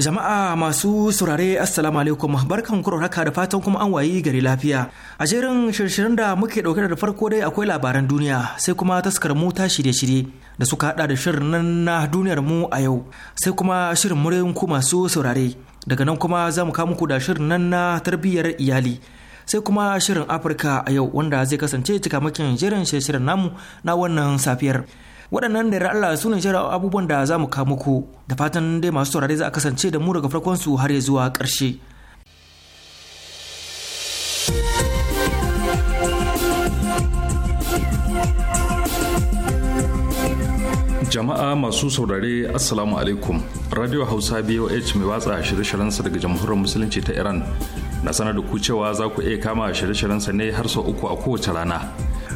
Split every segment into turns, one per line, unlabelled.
Jama'a masu saurare Assalamu alaikum barkan ku haka da fatan kuma an wayi gari lafiya. A jerin shirshirin da muke dauke da farko dai akwai labaran duniya sai kuma taskar mu ta shirye-shirye da suka hada da shirin nan na duniyar mu a yau sai kuma shirin muryoyin ku masu saurare daga nan kuma za mu kawo da shirin nan na tarbiyyar iyali sai kuma shirin Afirka a yau wanda zai kasance cikamakin jerin shirshirin namu na wannan safiyar. waɗannan da Allah su ne shirin abubuwan da za mu kawo muku da fatan dai masu saurare za a kasance da mu daga farkon su har ya zuwa ƙarshe
jama'a masu saurare assalamu alaikum radio hausa boh mai watsa shirye-shiryensa daga jamhuriyar musulunci ta iran na sanar da ku cewa za ku iya kama shirye-shiryensa ne har sau uku a kowace rana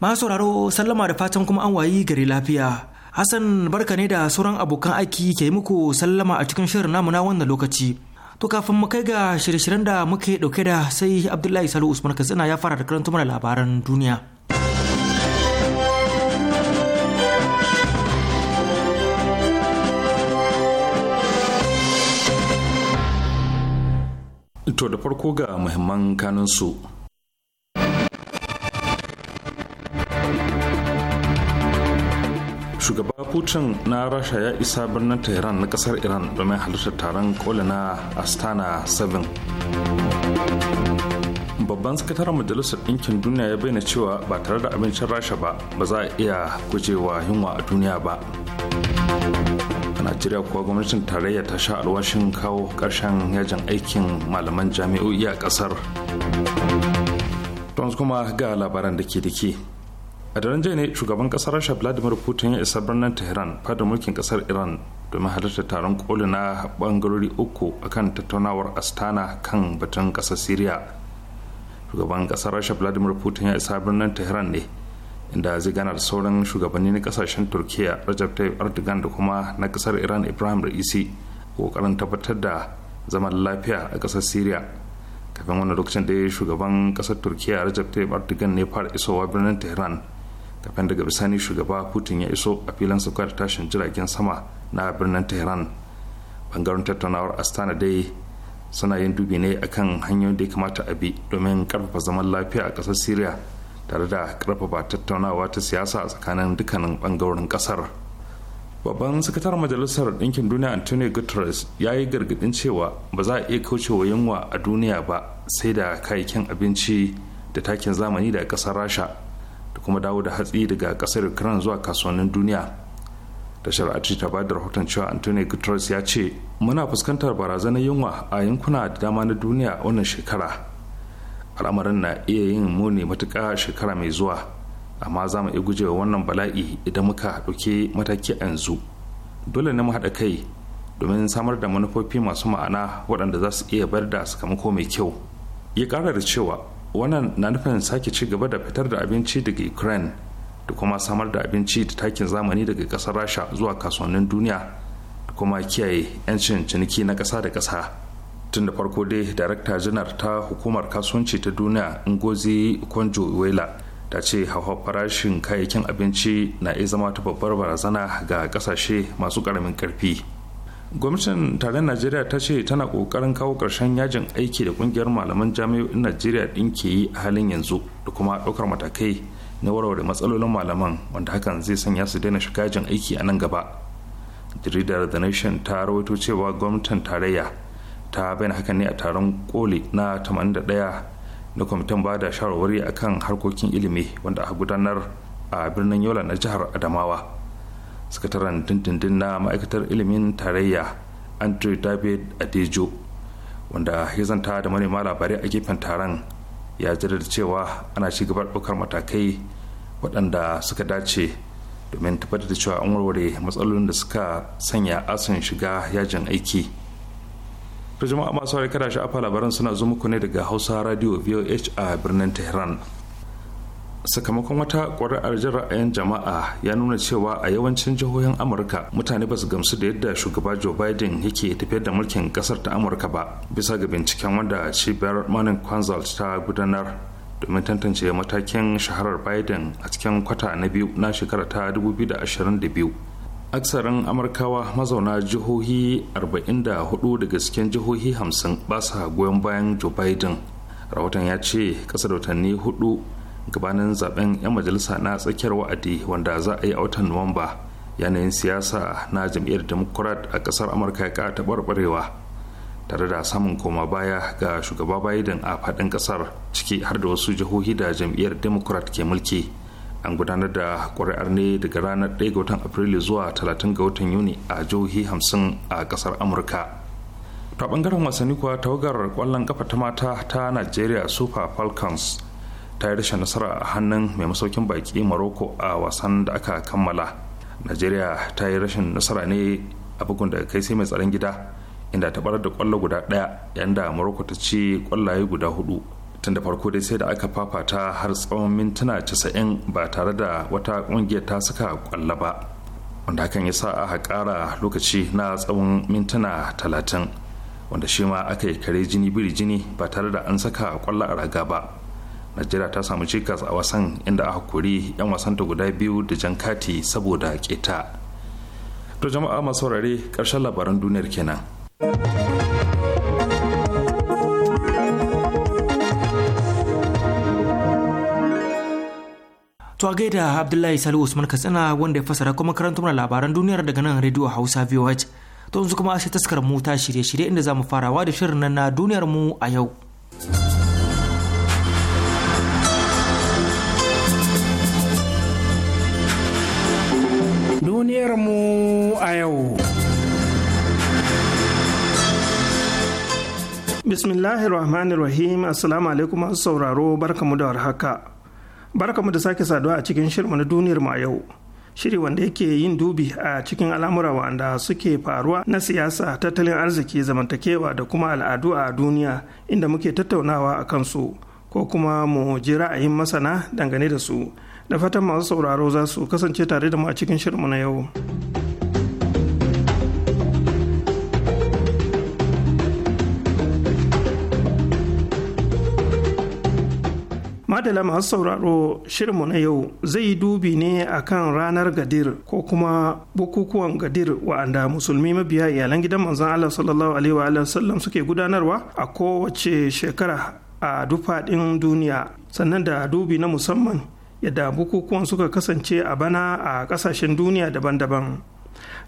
masu sauraro sallama da fatan kuma an wayi gari lafiya hassan barka ne da sauran abokan aiki ke yi muku sallama a cikin shirin namu na wannan lokaci to kafin mu kai ga shirye-shiryen da muke dauke da sai abdullahi salu usman katsina ya fara da karanta mana labaran duniya
To da farko ga muhimman kanunsu. shugaba putin na rasha ya isa birnin tehran na kasar iran domin halartar taron kola na astana 7 babban sakataren majalisar ɗinkin duniya ya bayyana cewa ba tare da abincin rasha ba ba za a iya gujewa yunwa a duniya ba a najeriya kuwa gwamnatin tarayya ta sha alwashin kawo ƙarshen yajin aikin malaman jami'o'i a ƙasar kuma ga labaran da ke da ke a daren jiya ne shugaban kasar rasha vladimir putin ya isa birnin tehran fada mulkin kasar iran domin halarta taron koli na bangarori uku akan tattaunawar astana kan batun kasar syria shugaban kasar rasha vladimir putin ya isa birnin tehran ne inda zai gana da sauran shugabanni na kasashen turkiya rajab tayyip erdogan da kuma na kasar iran ibrahim raisi kokarin tabbatar da zaman lafiya a kasar syria kafin wani lokacin da shugaban kasar turkiya rajab tayyip erdogan ne fara isowa birnin tehran kafin daga bisani shugaba putin ya iso a filin saukar tashin jiragen sama na birnin tehran bangaren tattaunawar astana dai suna yin dubi ne akan hanyoyin da ya kamata a bi domin karfafa zaman lafiya a kasar syria tare da karfafa tattaunawa ta siyasa a tsakanin dukkanin bangarorin kasar. babban sakatar majalisar ɗinkin duniya antonio guterres ya yi gargaɗin cewa ba za a iya kauce wa yunwa a duniya ba sai da kayayyakin abinci da takin zamani da kasar rasha da kuma dawo da hatsi daga kasar ukraine zuwa kasuwannin duniya da shari'aci ta ba da rahoton cewa anthony guterres ya ce muna fuskantar barazanar yunwa a yankuna da dama na duniya wannan shekara al'amarin na iya yin muni matuƙa shekara mai zuwa amma za mu iya gujewa wannan bala'i idan muka ɗauke mataki a yanzu dole ne mu haɗa kai domin samar da manufofi masu ma'ana waɗanda za su iya bar da sakamako mai kyau ya ƙara da cewa wannan na nufin sake ci gaba da fitar da abinci daga ukraine da kuma samar da abinci da takin zamani daga kasar rasha zuwa kasuwannin duniya da kuma kiyaye 'yancin ciniki na kasa da kasa tun da farko dai darakta janar ta hukumar kasuwanci ta duniya ngozi konjo wela ta ce hawa farashin kayayyakin abinci na iya zama ta babbar barazana ga kasashe masu ƙaramin karfi gwamnatin tarayyar najeriya ta ce tana kokarin kawo karshen yajin aiki da kungiyar malaman jami'o'in najeriya din ke yi a halin yanzu da kuma ɗaukar matakai na warware matsalolin malaman wanda hakan zai sanya su daina shiga yajin aiki a nan gaba jaridar the nation ta rawaito cewa gwamnatin tarayya ta bayyana hakan ne a taron koli na 81 na kwamitin ba da shawarwari akan harkokin ilimi wanda a gudanar a birnin yola na jihar adamawa sakataren dindindin na ma'aikatar ilimin tarayya andrew david adejo wanda ya zanta da manema labarai a gefen taron ya da cewa ana ci gaba ɗaukar matakai waɗanda suka dace domin tabbatar da cewa an warware matsalolin da suka sanya asin shiga yajin aiki to jama'a masu kada sha'afa labaran suna zo muku ne daga hausa radio voh a birnin tehran sakamakon wata ƙuri'ar jin ra'ayin jama'a ya nuna cewa a yawancin jihohin amurka mutane ba su gamsu da yadda shugaba joe biden yake tafiyar da mulkin ƙasar ta amurka ba bisa ga binciken wanda cibiyar manin consult ta gudanar domin tantance matakin shaharar biden a cikin kwata na biyu na shekara ta 2022 aksarin amurkawa mazauna jihohi 44 daga cikin jihohi 50 ba sa goyon bayan joe biden rahoton ya ce kasar da watanni hudu gabanin zaben 'yan majalisa na tsakiyar wa'adi wanda za a yi a watan nuwamba yanayin siyasa na jam'iyyar democrat a kasar amurka ya kara taɓarɓarewa tare da samun koma baya ga shugaba biden a fadin kasar ciki har da wasu jihohi da jam'iyyar democrat ke mulki an gudanar da ƙuri'ar ne daga ranar 1 ga watan afrilu zuwa 30 ga watan yuni a jihohi 50 a kasar amurka ta bangaren wasanni kuwa tawagar kwallon kafa ta mata ta nigeria super falcons ta yi rashin nasara a hannun mai masaukin baki maroko a wasan da aka kammala najeriya ta yi rashin nasara ne a bugun daga kai sai mai tsaron gida inda ta barar da kwallo guda daya yayin da maroko ta ci kwallaye guda hudu tun da farko dai sai da aka fafata har tsawon mintuna casa'in ba tare da wata kungiyar ta saka kwalla ba wanda hakan ya sa aka kara lokaci na tsawon mintuna talatin wanda shi ma aka yi kare jini biri jini ba tare da an saka kwallo a raga ba najeriya ta samu cikas a wasan inda aka kori 'yan wasanta guda biyu da jan kati saboda keta to jama'a masu saurare ƙarshen labaran duniyar kenan
To a gaida Abdullahi Salihu Usman Katsina wanda ya fasara kuma karanta labaran duniyar daga nan Radio Hausa VOH. To yanzu kuma sai taskar mu ta shirye-shirye inda za mu farawa da shirin nan na duniyar mu a yau.
duniyarmu a yau.
Bismillahirrahmanirrahim Assalamu alaikum masu sauraro barkamu da warhaka. Barkamu da sake saduwa a cikin shirma na duniyar mu a yau. Shiri wanda yake yin dubi a cikin al'amura wanda suke faruwa na siyasa, tattalin arziki, zamantakewa da kuma al'adu a duniya inda muke tattaunawa a kansu ko kuma mu ji ra'ayin masana dangane da su. da fatan masu sauraro za su kasance tare da mu a cikin shirinmu na yau. madala masu sauraro shirinmu na yau zai yi dubi ne akan ranar gadir ko kuma bukukuwan gadir wa'anda musulmi mabiya iyalan gidan manzon Allah sallallahu alaihi wa sallam suke gudanarwa a kowace shekara a dufaɗin duniya sannan da dubi na musamman yadda bukukuwan suka kasance a bana a kasashen duniya daban-daban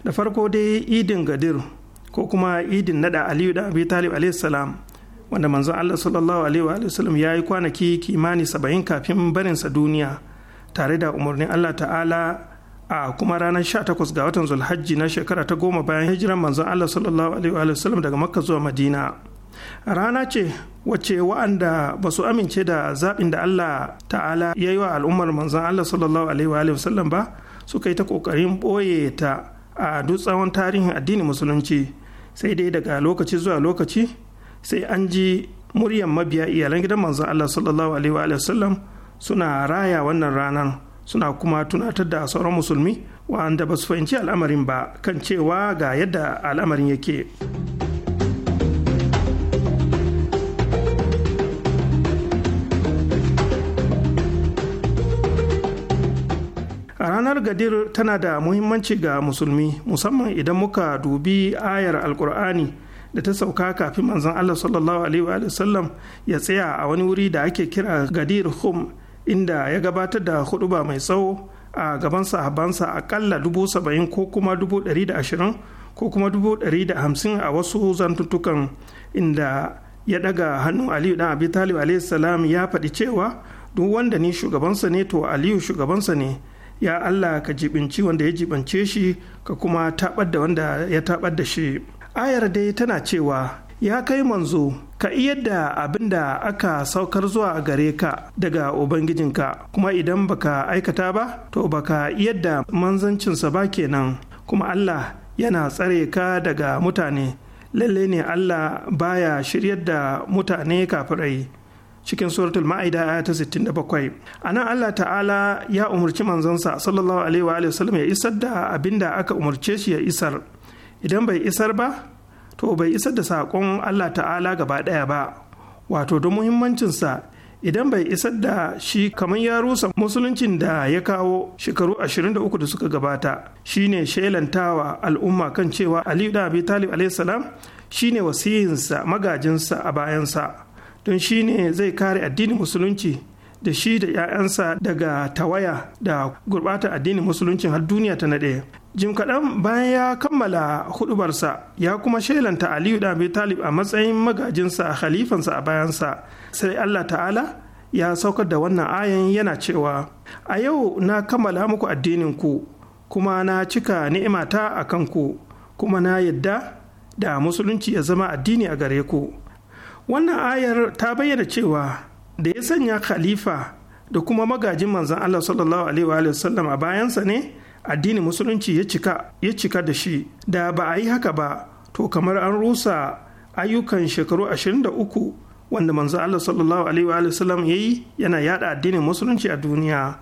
da farko dai idin gadir ko kuma idin nada aliyu da abi talib salam wanda manzon allah sallallahu alaihi wa sallam ya yi kwanaki kimani saba'in kafin barinsa duniya tare da umarnin allah ta'ala a kuma ranar 18 ga watan zulhajji na shekara ta goma bayan hijiran manzon allah sallallahu alaihi wa sallam daga makka zuwa madina rana ce wacce wa'anda ba su amince da zaɓin da Allah ta'ala ya yi wa al'ummar manzan Allah sallallahu alaihi wasallam ba suka yi ta ƙoƙarin ɓoye ta a duk tsawon tarihin addinin musulunci sai dai daga lokaci zuwa lokaci sai an ji muryar mabiya iyalan gidan manzan Allah sallallahu alaihi wasallam suna raya wannan ranar suna kuma tunatar da sauran musulmi wa'anda ba su fahimci al'amarin ba kan cewa ga yadda al'amarin yake. ranar gadir tana da muhimmanci ga musulmi musamman idan muka dubi ayar alkur'ani da ta sauka kafin manzon allah sallallahu alaihi wa sallam ya tsaya a wani wuri da ake kira gadir hum inda ya gabatar da huduba mai tsawo a gaban sahabansa akalla dubu saba'in ko kuma dubu dari da ashirin ko kuma dubu dari da hamsin a wasu zantuttukan inda ya daga hannu aliyu dan abi talib alaihi salam ya faɗi cewa duk wanda ni shugabansa ne to aliyu shugabansa ne ya Allah ka jibinci wanda ya jibance shi ka kuma tabar da wanda ya tabar da shi ayar dai tana cewa ya kai manzo ka da abin da aka saukar zuwa gare ka daga ubangijinka kuma idan baka aikata ba to baka da manzancinsa ba kenan kuma Allah yana tsare ka daga mutane lalle ne Allah baya shiryar da mutane kafirai cikin suratul ma'ida aya ta 67 anan Allah ta'ala ya umarci manzonsa sallallahu alaihi wa sallam ya isar da abin da aka umarce shi ya isar idan bai isar ba to bai isar da saƙon Allah ta'ala gaba ɗaya ba wato don muhimmancinsa idan bai isar da shi kamar ya rusa musuluncin da ya kawo shekaru 23 da suka gabata shine shelantawa al'umma kan cewa aliyu da abi talib salam shine wasiyinsa magajinsa a bayansa don shi ne zai kare addinin musulunci da shi da 'ya'yansa daga tawaya da gurbata addinin musuluncin har duniya ta naɗe jim kaɗan bayan ya kammala hudubarsa ya kuma shelanta aliyu da abu talib a matsayin magajinsa a khalifansa a bayansa sai allah ta'ala ya saukar da wannan ayan yana cewa a yau na kammala muku addinin ku kuma na cika ni'imata a kanku kuma na yadda da musulunci ya zama addini a gare ku wannan ayar ta bayyana cewa da ya sanya khalifa da kuma magajin manzan Allah sallallahu alaihi wa sallam a bayansa ne addinin musulunci ya cika ya cika da shi da ba a yi haka ba to kamar an rusa ayyukan shekaru 23 wanda manzan Allah sallallahu alaihi wa sallam yayi yana yada addinin musulunci a duniya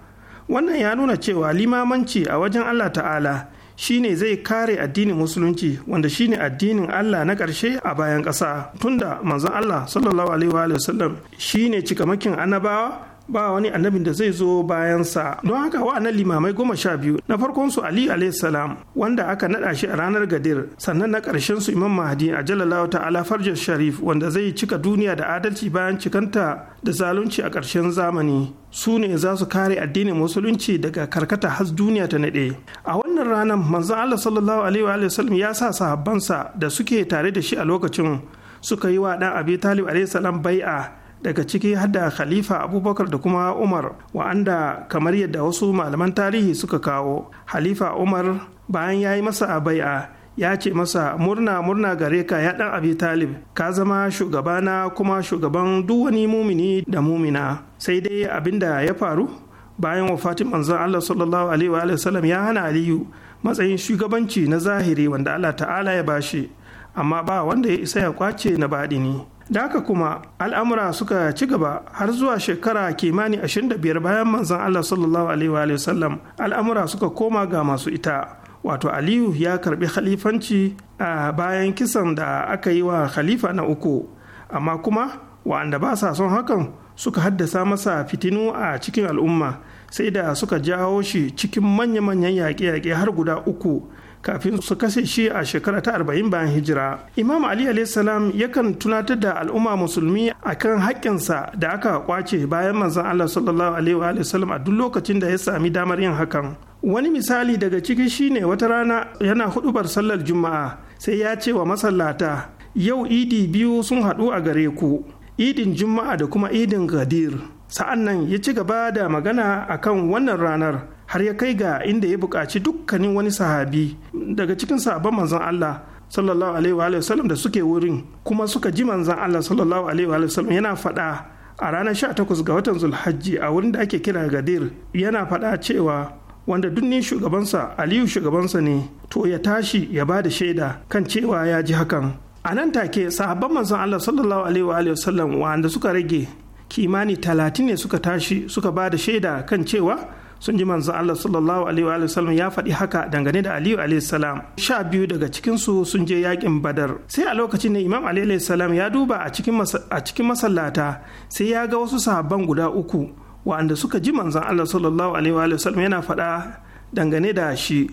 wannan ya nuna cewa limamanci a wajen Allah ta'ala shine zai kare addinin musulunci wanda shine addinin Allah na ƙarshe a bayan ƙasa tunda manzon Allah sallallahu alaihi wa sallam shine cikamakin annabawa ba wani annabin da zai zo bayansa don haka wa'annan limamai goma sha biyu na farkon su ali salam wanda aka naɗa shi a ranar gadir sannan na ƙarshen su imam mahdi a jalalawa ala farjar sharif wanda zai cika duniya da adalci bayan cikanta da zalunci a ƙarshen zamani su ne za su kare addinin musulunci daga karkata has duniya ta naɗe a wannan ranar manzon allah sallallahu alaihi wa sallam ya sa sahabbansa da suke tare da shi a lokacin suka yi wa ɗan abi talib alaihi bai'a daga ciki hadda khalifa abubakar da kuma umar wa'anda kamar yadda wasu malaman tarihi suka kawo khalifa umar bayan ya yi masa bai'a ya ce masa murna murna gare ka ya dan abi talib ka zama shugabana kuma shugaban duk wani mumini da mumina sai dai abinda ya faru bayan wafatin manzon Allah sallallahu alaihi wa sallam ya hana aliyu matsayin shugabanci na zahiri wanda Allah ta'ala ya bashi amma ba wanda ya isa ya kwace na baɗini. da haka kuma al'amura suka ci gaba har zuwa shekara kimani 25 bayan manzon Allah sallallahu alaihi wa sallam al'amura suka koma ga masu ita wato aliyu ya karbi khalifanci a bayan kisan da aka yi wa khalifa na uku amma kuma wa'anda ba sa son hakan suka haddasa masa fitinu a cikin al'umma sai da suka jawo shi cikin manya-manyan yaƙe-yaƙe har guda uku kafin su kashe shi a shekara ta arba'in bayan hijira imam ali salam yakan tunatar da al'umma musulmi akan haƙƙinsa da aka kwace bayan manzon allah sallallahu alaihi a duk lokacin da ya sami damar yin hakan wani misali daga ciki shine wata rana yana hudubar sallar juma'a sai ya ce wa masallata yau idi biyu sun haɗu a gare ku idin juma'a da kuma idin gadir sa'an nan ya ci gaba da magana akan wannan ranar har ya kai ga inda ya buƙaci dukkanin wani sahabi daga cikin sahabban manzon Allah sallallahu alaihi wa sallam da suke wurin kuma suka ji manzan Allah sallallahu alaihi wa sallam yana faɗa a ranar 18 ga watan Zulhajji a wurin da ake kira Gadir yana faɗa cewa wanda dunni shugabansa Aliyu shugabansa ne to ya tashi ya bada da shaida kan cewa ya ji hakan a nan take sahabban manzan Allah sallallahu alaihi wa sallam wanda suka rage kimani talatin ne suka tashi suka ba da shaida kan cewa sun ji manzon Allah sallallahu alaihi wa sallam ya faɗi haka dangane da Aliyu alaihi salam sha biyu daga cikin su sun je yakin Badar sai a lokacin ne Imam Ali alaihi salam ya duba a cikin a cikin masallata sai ya ga wasu sahabban guda uku wa'anda suka ji manzon Allah sallallahu alaihi wa sallam yana faɗa dangane da shi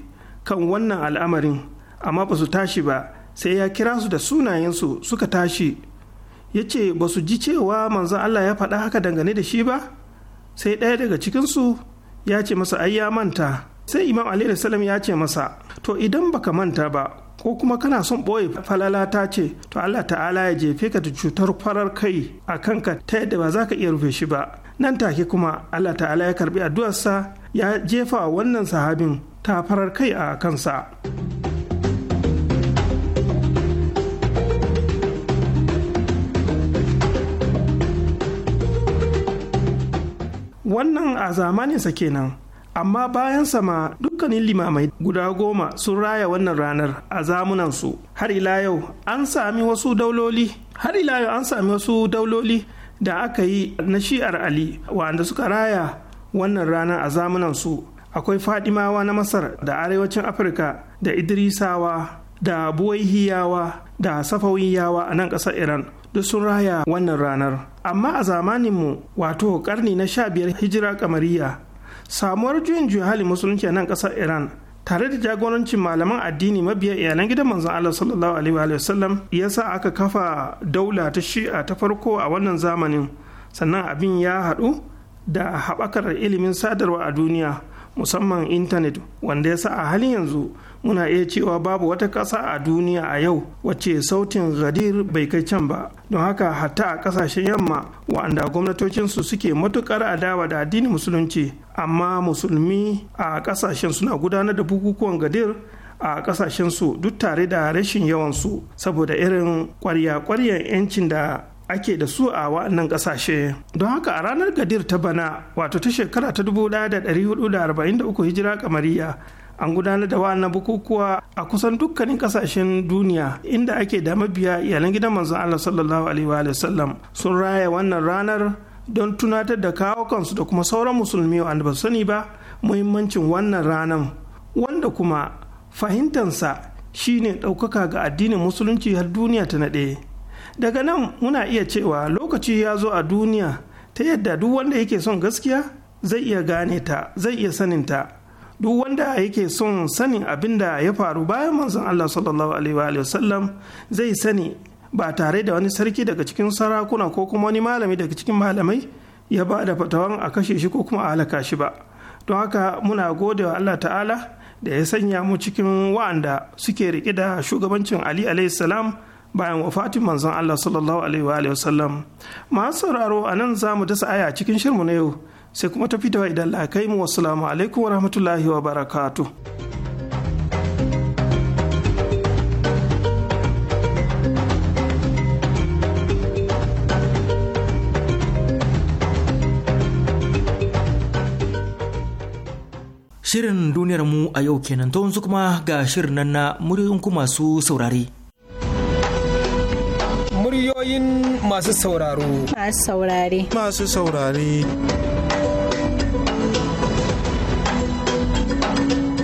kan wannan al'amarin amma ba su tashi ba sai ya kira su da sunayensu suka tashi ya ce ba su ji cewa manzon Allah ya faɗa haka dangane da shi ba sai ɗaya daga cikinsu ya ce masa ai ya manta sai imam ali salam ya ce masa to idan baka manta ba ko kuma kana son ɓoye falala ta ce to Allah ta'ala ya jefe ka da cutar farar kai a kanka ta yadda ba za ka iya rufe shi ba nan take kuma Allah ta'ala ya karbi addu'arsa ya jefa wannan sahabin ta farar kai a kansa. wannan a zamaninsa kenan amma bayan sama dukkanin limamai guda goma sun raya wannan ranar a zamunansu har ila yau an sami wasu dauloli har ila yau an sami wasu dauloli da aka yi na shi'ar ali wanda suka raya wannan ranar a su akwai fadimawa na masar da arewacin afirka da idrisawa da buwaihiyawa da safawiyawa a nan ƙasar iran duk sun raya wannan ranar amma a zamaninmu wato karni na sha biyar hijira kamariya samuwar juyin juya hali musulunci a nan kasar iran tare da jagorancin malaman addini mabiya iyalan gidan manzon Allah sallallahu alaihi wa sallam sa aka kafa daula ta shi'a ta farko a wannan zamanin sannan abin ya haɗu da haɓakar ilimin sadarwa a duniya musamman intanet wanda ya sa a halin yanzu muna iya cewa babu wata ƙasa a duniya a yau wacce sautin gadir bai kai can ba don haka hatta a ƙasashen yamma wa'anda gwamnatocinsu suke matuƙar adawa da addinin musulunci amma musulmi a ƙasashen suna gudanar da bukukuwan gadir a ƙasashensu duk tare da rashin yawansu saboda irin ƙwarya-ƙwaryan 'yancin da ake da su a wa'annan ƙasashe don haka a ranar gadir ta bana wato ta shekara ta 1443 hijira kamariya an gudanar da wa'annan bukukuwa a kusan dukkanin kasashen duniya inda ake da mabiya iyalan gidan manzon Allah sallallahu alaihi wa sallam sun raya wannan ranar don tunatar da kawo kansu da kuma sauran musulmi wanda ba sani ba muhimmancin wannan ranar wanda kuma fahimtansa shine ɗaukaka ga addinin musulunci har duniya ta naɗe daga nan muna iya cewa lokaci ya zo a duniya ta yadda duk wanda yake son gaskiya zai iya gane ta zai iya saninta duk wanda yake son sanin abin da ya faru bayan manzon Allah sallallahu alaihi wa zai sani ba tare da wani sarki daga cikin sarakuna ko kuma wani malami daga cikin malamai ya ba da fatawan a kashe shi ko kuma a halaka shi ba don haka muna gode wa Allah ta'ala da ya sanya mu cikin wa'anda suke rike da shugabancin Ali alaihi salam bayan wafatin manzon Allah sallallahu alaihi wa sallam masu sauraro a nan za dasa aya cikin shirmu na yau sai kuma ta fitowa idan la kai mu wassalamu alaikum wa rahmatullahi wa barakatu.
Shirin duniyar mu a yau kenan to wasu kuma ga shirin nan na muryoyin ku masu saurare.
Muryoyin masu sauraro.
Masu saurare.
Masu saurare.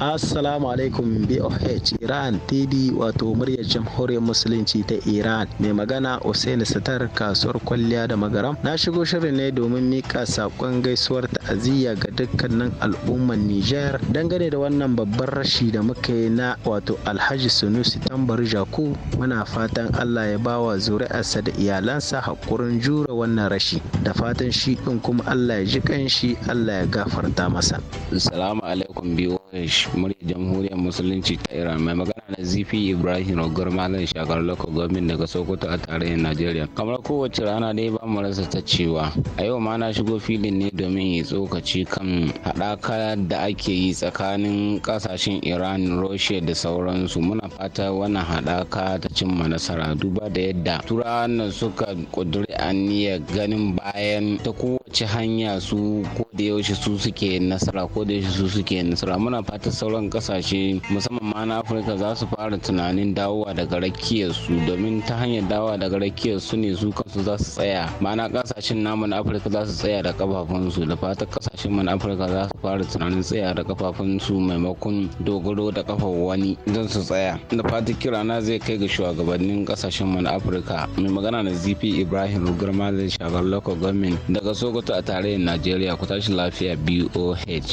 Assalamu alaikum BOH Iran TD wato muryar jamhuriyar musulunci ta Iran mai magana Usaini Satar kasuwar kwalliya da magaram na shigo shirin ne domin mika sakon gaisuwar ta'aziyya ga dukkanin al'ummar Nijar dangane da wannan babban rashi da muka yi na wato Alhaji Sunusi Tambar Jaku muna fatan Allah ya bawa zuri'arsa da iyalansa hakurin jure wannan rashi da fatan shi din kuma Allah ya ji kanshi Allah ya gafarta masa. Assalamu alaikum BOH muryar jamhuriyar musulunci ta iran mai magana na zifi ibrahim rogar malam shakar loko gomin daga sokoto a tarayyar najeriya kamar kowace rana dai ba mu rasa ta cewa a yau ma na shigo filin ne domin yi tsokaci kan haɗaka da ake yi tsakanin ƙasashen iran russia da sauransu muna fata wannan haɗaka ta cimma nasara duba da yadda turawan suka ƙudiri aniyar ganin bayan ta kowa ci hanya su ko da yaushe su suke nasara ko da yaushe su suke nasara muna fatan sauran kasashe musamman ma na afirka za su fara tunanin dawowa daga rakiyar su domin ta hanyar dawowa daga rakiyar su ne su kansu za su tsaya ma'ana kasashen namu na afirka za su tsaya da kafafun su da fatan kasashen mu na afirka za su fara tunanin tsaya da kafafun su maimakon dogaro da kafa wani don su tsaya da fatan kirana zai kai ga shugabannin kasashen mu na afirka mai magana na zp ibrahim rugar da shagar local government daga sogo Sokoto a tarayyar Najeriya ku tashi lafiya BOH.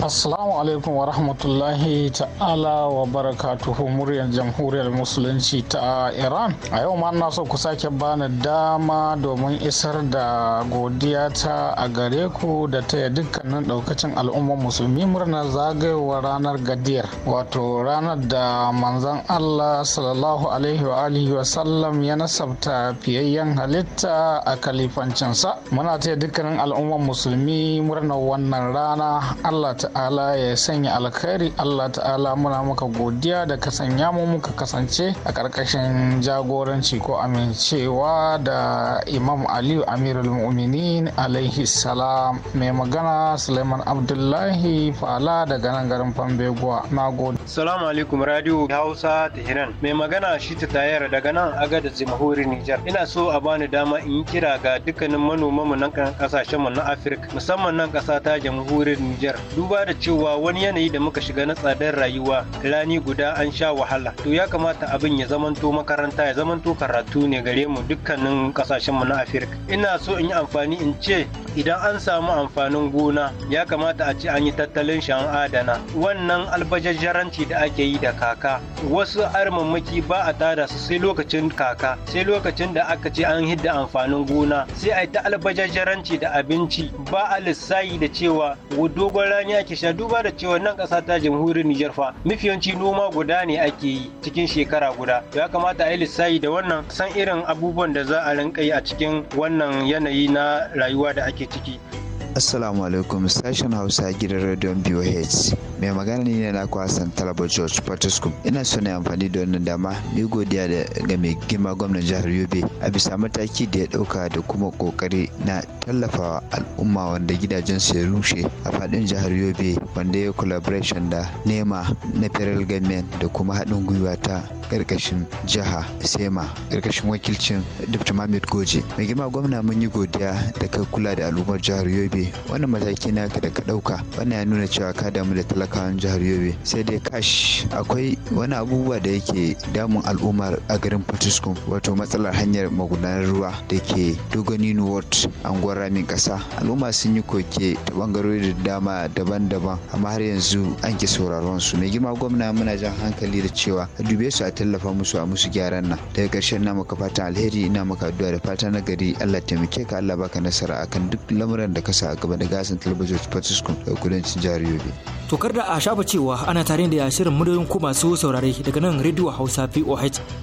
Assalamu alaikum wa rahmatullahi ta'ala wa barakatuhu muryar jamhuriyar musulunci ta Iran. A yau ma na so ku sake bani dama domin isar da godiya ta a gare ku da taya dukkanin daukacin al'ummar musulmi murnar zagayowar ranar gadiyar wato ranar da manzan Allah sallallahu alaihi wa alihi wa sallam ya nasabta fiyayyen halitta a kalifancinsa. Muna taya dukkanin al'ummar musulmi murnar wannan rana Allah ta ta'ala ya sanya alkhairi Allah ta'ala muna maka godiya da ka sanya mu muka kasance a ƙarƙashin jagoranci ko amincewa da Imam Aliyu Amirul Mu'minin alaihi salam mai magana Suleiman Abdullahi Fala daga nan garin Fambeguwa na gode.
Salamu alaikum radio Hausa hiran mai magana shi ta tayar daga nan agada jamhuriyar Nijar ina so a bani dama in yi kira ga dukkanin manoman mu nan kasashen mu na Afirka musamman nan kasa ta jamhuriyar Nijar duba duba da cewa wani yanayi da muka shiga na tsadar rayuwa rani guda an sha wahala to ya kamata abin ya zamanto makaranta ya zamanto karatu ne gare mu dukkanin kasashen mu na afirka ina so in yi amfani in ce idan an samu amfanin gona ya kamata a ci an yi tattalin shi an adana wannan albajajjaranci da ake yi da kaka wasu armammaki ba a tada su sai lokacin kaka sai lokacin da aka ce an hidda amfanin gona sai a yi ta albajajjaranci da abinci ba a lissayi da cewa dogon rani ake sha duba da cewa nan ƙasa ta jamhuriyar Nijar fa mafiyanci noma guda ne ake yi cikin shekara guda ya kamata a yi lissayi da wannan san irin abubuwan da za a rinka yi a cikin wannan yanayi na rayuwa da ake 的
Assalamu alaikum sashen Hausa gidan rediyon BOH. Mai magana ne na kwasan Talaba George Fortescue. Ina son na amfani da wannan dama ni godiya da ga mai gima gwamnan jihar Yobe a bisa mataki da ya dauka da kuma kokari na tallafawa al'umma wanda gidajen su ya rushe a fadin jihar Yobe wanda ya collaboration da NEMA na Federal Government da kuma haɗin gwiwa ta karkashin jiha SEMA karkashin wakilcin Dr. Mahmud Goje. Mai gima gwamna mun yi godiya da kai kula da al'ummar jihar Yobe yobe wannan mataki naka da ka ɗauka wannan ya nuna cewa ka damu da talakawan jihar yobe sai dai kash akwai wani abubuwa da yake damun al'umma a garin fatiskum wato matsalar hanyar magudanar ruwa da ke dogoninu ward anguwar ramin kasa al'umma sun yi koke ta bangarori da dama daban-daban amma har yanzu an ki sauraron su mai girma gwamna muna jan hankali da cewa a dube su a tallafa musu a musu gyaran nan daga ƙarshen na maka fatan alheri ina maka addu'a da fata nagari. gari Allah taimake ka Allah baka nasara akan duk lamuran da ka sa a gaban da gasin talabijin francisco da kudancin jihar yobe tokar da a shafa cewa
ana tare da shirin muryoyin ku masu saurare daga nan rediyo hausa voh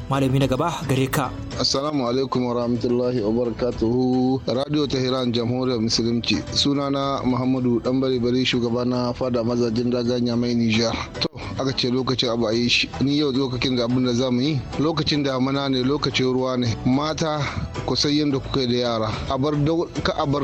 malami na gaba
gare ka assalamu alaikum wa rahmatullahi wa barakatuhu radio tehran jamhuriyar musulunci sunana muhammadu dan bari shugaba na fada mazajin daga mai nijar to aka ce lokacin abu a yi shi ni yau lokacin da abin da za mu yi lokacin damana ne lokacin ruwa ne mata ku san yadda kuka da yara ka a bar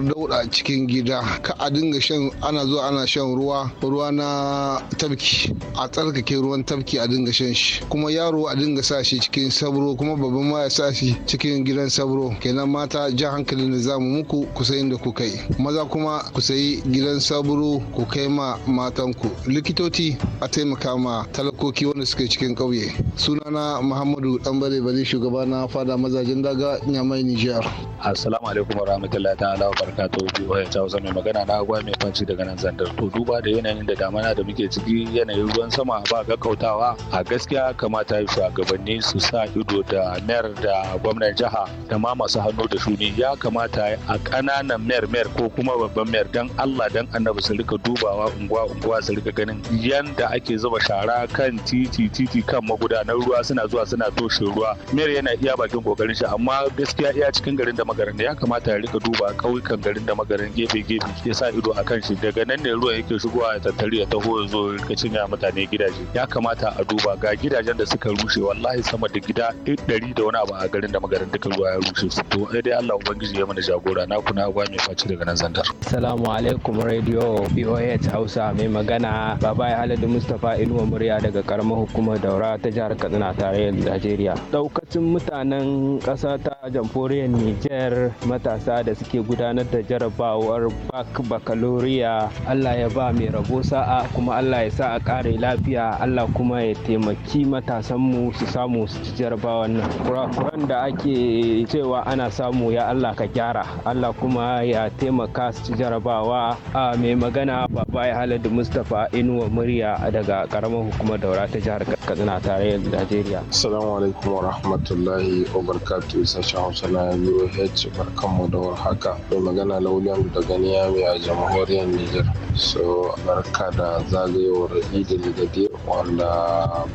dauda a cikin gida ka a dinga shan ana zuwa ana shan ruwa ruwa na tafki a tsarkake ruwan tafki a dinga shan shi kuma yaro a dinga sa shi cikin sabro kuma babban ma ya sa shi cikin gidan sabro kenan mata ja hankali da zamu muku ku sayin da ku kai maza kuma ku sayi gidan sabro ku kai ma matanku likitoci a taimaka ma talakoki wanda suke cikin ƙauye sunana muhammadu ɗanbare bari shugaba na fada mazajen daga nyamai niger
assalamu alaikum wa rahmatullahi ta'ala wa barakatuhu biyu ya ta mai magana na agwa mai fanci daga nan zandar to duba da yanayin da damana da muke ciki yanayin ruwan sama ba gaggautawa a gaskiya kamata gabanni su sa ido da mayar da gwamnan jiha da ma masu hannu da shuni ya kamata a ƙananan mayar mayar ko kuma babban mayar dan Allah dan annabi su rika dubawa unguwa unguwa su rika ganin yanda ake zuba shara kan titi titi kan magudanan ruwa suna zuwa suna toshe ruwa mayor yana iya bakin kokarin shi amma gaskiya iya cikin garin da magarin da ya kamata ya rika duba kauyukan garin da magarin gefe gefe ya sa ido akan shi daga nan ne ruwan yake shigowa ya tattari ya taho ya zo ya mutane gidaje ya kamata a duba ga gidajen da suka rushe wallahi sama da gida ɗari da wani abu a garin da magarin duka ruwa ya rushe su to sai dai Allah ubangiji ya mana jagora na kuna gwa mai faci daga nan zantar
assalamu alaikum radio BOH Hausa mai magana baba ya Haladu Mustapha Inuwa Haruna Murya daga karamar hukumar Daura ta jihar Katsina tarayyar Najeriya. Daukacin mutanen ƙasa ta jamhuriyar Nijar matasa da suke gudanar da jarabawar bak bakaloriya Allah ya ba mai rabo sa'a kuma Allah ya sa a ƙare lafiya Allah kuma ya taimaki matasanmu su samu su ci jarabawan nan. Kurakuran da ake cewa ana samu ya Allah ka gyara Allah kuma ya taimaka su ci jarabawa a mai magana baba ya halar Mustapha Inuwa murya daga karamar hukumar daura ta jihar katsina da najeriya
assalamu alaikum wa rahmatullahi wa barakatu sashen hausa na barkan mu da haka mai magana na William daga niyami a jamhuriyar niger so barka da zagayowar idil gadir wanda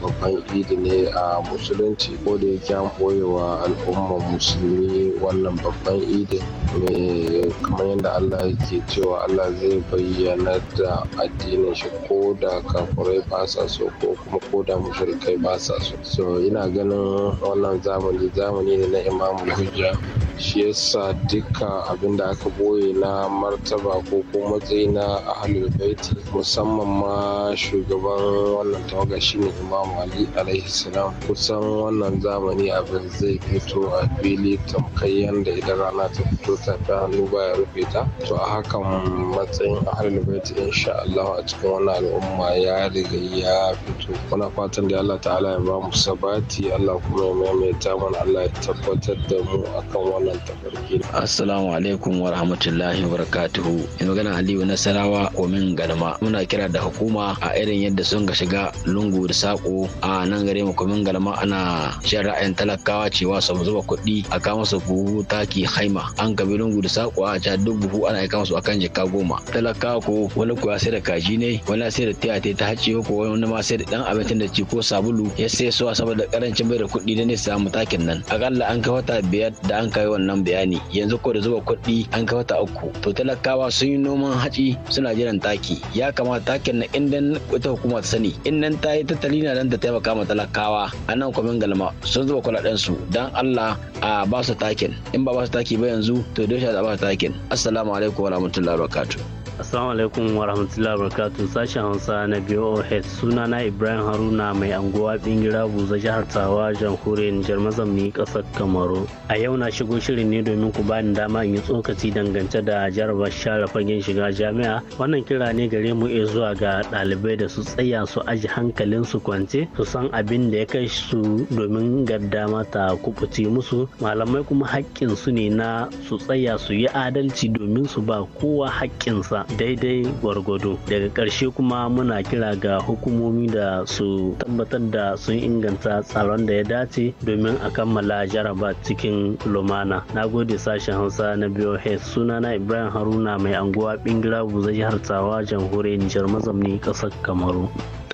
babban idi ne a musulunci ko da yake an wa al'ummar musulmi wannan babban Idi? idin kamar yadda allah yake cewa allah zai bayyana da addinin shi ko da kafurai fasa sa so ko kuma ko da mushrikai ba sa so so ina ganin wannan zamani zamani ne na imamu hujja shi yasa duka abin da aka boye na martaba ko ko matsayi na ahlul baiti musamman ma shugaban wannan tawaga shine imamu ali alaihi salam kusan wannan zamani abin zai fito a fili tamkai yanda idan rana ta fito ta hannu baya rufe ta to a hakan matsayin ahlul baiti insha Allah a cikin wannan al'umma ya riga ya ya fito muna fatan da Allah ta'ala ya ba mu sabati Allah kuma ya maimaita mana Allah ya tabbatar da mu akan wannan
tafarki assalamu alaikum wa rahmatullahi wa barakatuhu ina magana Aliyu Nasarawa Omin Galma muna kira da hukuma a irin yadda sun ga shiga lungu da sako a nan gare mu komin Galma ana shan ra'ayin talakawa cewa su zuba kuɗi a kama su buhu taki haima an kabi lungu da sako a ja duk buhu ana aika musu akan jika goma talakawa ko wani kuwa sai da kaji ne wani sai da tiyata ta hace ko wani wani ma sai da dan abincin da ci ko sabulu ya sai suwa saboda karancin bai da kuɗi da ne samu takin nan akalla an kafa wata biyar da an kai wannan bayani yanzu ko da zuba kuɗi an kafa wata uku to talakawa sun yi noman haci suna jiran taki ya kamata takin na indan ita hukuma ta sani in nan ta yi tattali na dan ta taimaka ma talakawa a nan kwamin galma sun zuba kuɗaɗen su dan Allah a ba su takin in ba ba su taki ba yanzu to dole a ba su takin assalamu alaikum wa wa barakatuh
Assalamu alaikum wa rahmatullahi wa sashen Hausa na BOH suna na Ibrahim Haruna mai anguwa bingira buza jihar Tawa jamhuriyar Nijar mazamni kasar Kamaru. A yau na shigo shirin ne domin ku bani dama in yi tsokaci dangance da jarabar share fagen shiga jami'a. Wannan kira ne gare mu iya eh zuwa ga ɗalibai da su tsaya su aji hankalin su kwance su san abin da ya kai su domin gaddama ta kubuce musu. Malamai kuma haƙƙin su ne na su tsaya su yi adalci domin su ba kowa haƙƙinsa. daidai gwargwado daga ƙarshe kuma muna kira ga hukumomi da su tabbatar da sun inganta tsaron da ya dace domin a kammala jaraba cikin lumana na gode sashen hausa na biyo sunana ibrahim haruna mai anguwa bingira buzai jihar tawa jamhuriyar nijar mazamni ƙasar kamaru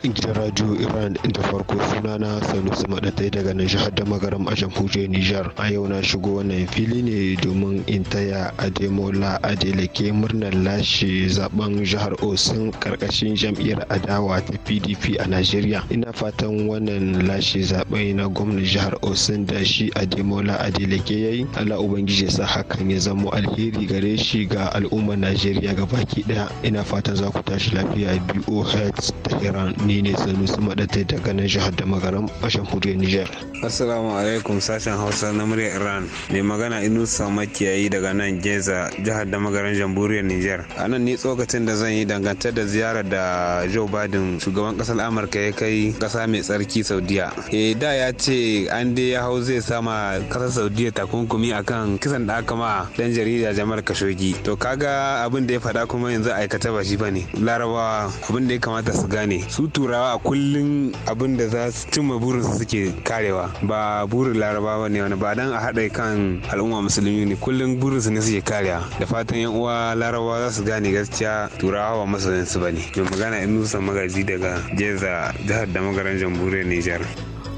gidan
radio iran da farko sunana sanusi madatai daga nan jihar da magaram a jamhuriyar nijar a yau na shigo wannan fili ne domin in taya ademola adeleke murnar lashe zaben jihar Osun karkashin jam'iyyar adawa ta PDP a Najeriya. Ina fatan wannan lashe zaɓe na gwamnan jihar Osun da shi Ademola Adeleke yayi. Allah Ubangiji sa hakan ya zamo alheri gare shi ga al'ummar Najeriya baki daya Ina fatan za ku tashi lafiya BO Heads ta Iran ni ne Sanusi Madatai daga nan jihar da magaram a Shamhuriyar niger
Assalamu alaikum sashen Hausa na murya Iran. Mai magana Inusa Makiyayi daga nan Jeza jihar da magaran Jamhuriyar Nijar. A nan ni tsokacin da zan yi danganta da ziyarar da Joe Biden shugaban kasar Amurka ya kai kasa mai tsarki Saudiya. E da ya ce an dai ya hau zai sama kasar Saudiya takunkumi akan kisan da aka ma dan jarida jamar Khashoggi. To kaga abin da ya faɗa kuma yanzu aikata ba shi bane. Larabawa abin da ya kamata su gane su turawa a kullun abin da za su cimma burinsu suke karewa ba burin larabawa ne wani ba dan a haɗa kan al'umma musulmi ne kullun burinsu ne suke karewa da fatan yan uwa larabawa za su gane gaskiya turawa ba masoyan su bane mai magana in inusa magaji daga jeza jihar da magaran jamhuriyar nijar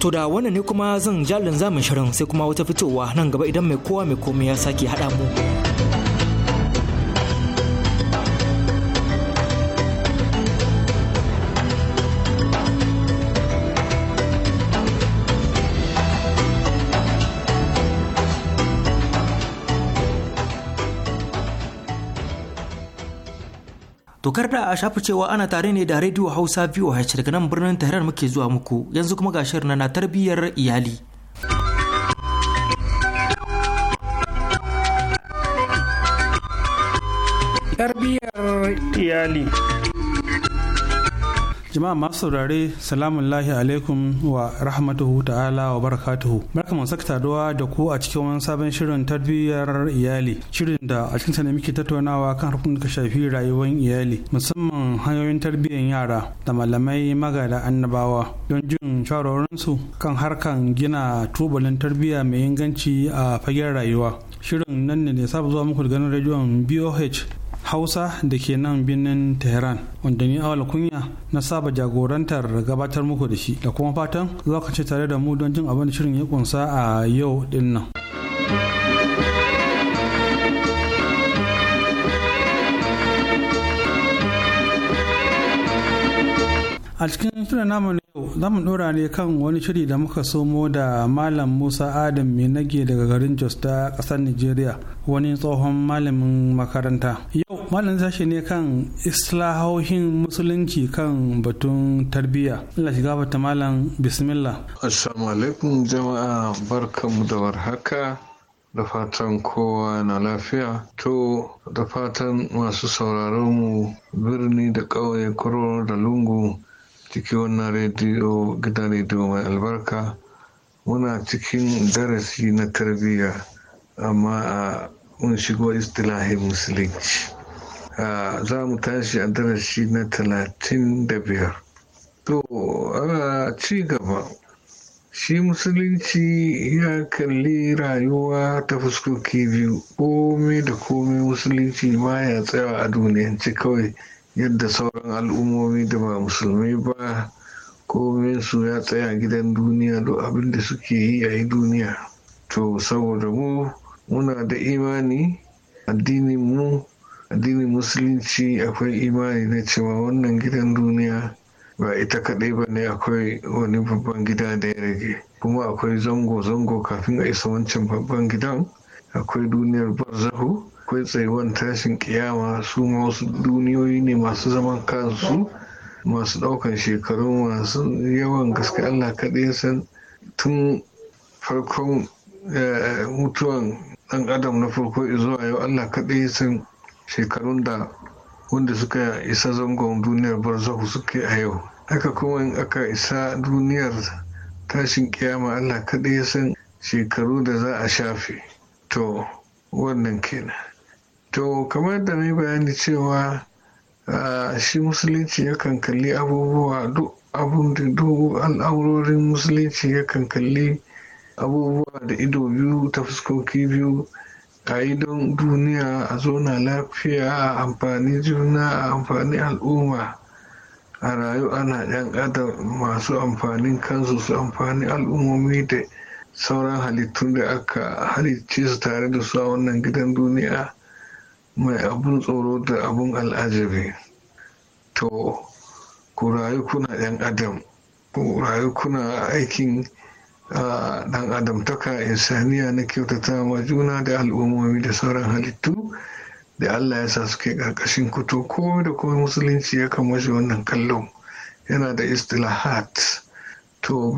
to da wannan ne kuma zan jalin zamin shirin sai kuma wata fitowa nan gaba idan mai kowa mai komai ya sake haɗa mu Tokar da a shafi cewa ana tare ne da Radio Hausa VOH daga nan birnin Tehran muke zuwa muku yanzu kuma ga shirin na tarbiyyar iyali.
Tarbiyyar
iyali. jama'a masu saurare salamun lahi alaikum wa rahmatuhu ta'ala wa barakatuhu barkamu saka taduwa da ku a cikin wani sabon shirin tarbiyyar iyali shirin da a cikin ne muke tattaunawa kan harkokin da shafi rayuwar iyali musamman hanyoyin tarbiyyar yara da malamai magada annabawa don jin shawarwarinsu kan harkan gina tubalin tarbiyya mai inganci a fagen rayuwa shirin nan ne saba zuwa muku ganin rediyon boh hausa da ke nan birnin tehran wanda ni awal kunya na saba jagorantar gabatar muku da shi da kuma fatan za ka ce tare da mu don jin abin da shirin ya kunsa a yau din nan a cikin shirin namu za mu ɗora ne kan wani shiri da muka somo da Malam Musa Adam mai nage daga garin Jos ta ƙasar Nigeria wani tsohon malamin makaranta. Yau malam sashi ne kan islahohin musulunci kan batun tarbiyya. Allah shiga bata malam bismillah.
Assalamu alaikum jama'a barkamu da warhaka. da fatan kowa na lafiya to da fatan masu sauraron mu birni da ƙauye kuro da lungu cikin wannan rediyo gida rediyo mai albarka muna cikin darasi na tarbiyya amma a mun shigo istilahi musulunci za mu tashi a darasi na talatin da biyar to ana ci gaba shi musulunci ya kalli rayuwa ta fuskoki biyu komai da komai musulunci ma ya tsaya a duniyance kawai yadda sauran al'ummomi da ba musulmi ba komin su ya tsaya gidan duniya duk abin da suke yi a yi duniya to saboda mu muna da imani addinin mu addinin musulunci akwai imani na cewa wannan gidan duniya ba ita kaɗai ba ne akwai wani babban gida da ya rage kuma akwai zango-zango kafin a isa wancan babban gidan akwai duniyar barzahu akwai tsayuwan tashin kiyama su wasu duniyoyi ne masu zaman kansu masu ɗaukan shekaru masu yawan gaske allah kaɗai san tun farkon eh, mutuwan dan adam na farko zuwa yau allah kaɗai san shekarun da wanda suka isa zangon duniyar barzahu suke a yau haka kuma in aka isa duniyar tashin kiyama allah kaɗai san shekaru da za a shafe to wannan kenan to kamar da mai bayani cewa shi musulunci yakan kalli abubuwa duk abun da duk al'aurorin musulunci yakan kalli abubuwa da ido biyu ta fuskoki biyu a yi don duniya a zona lafiya a amfani juna a amfani al'umma a rayu ana yan adam masu amfanin kansu su amfani al'ummomi da sauran halittun da aka halicce su tare da su a wannan gidan duniya mai abun tsoro da abun al'ajabi to ku rayu kuna yan adam ku rayu kuna aikin dan adam taka insaniya na kyautata ma juna da al'ummomi da sauran halittu da allah ya sa suke karkashin kuto ko da kuma musulunci ya shi wannan kallon yana da istilahat to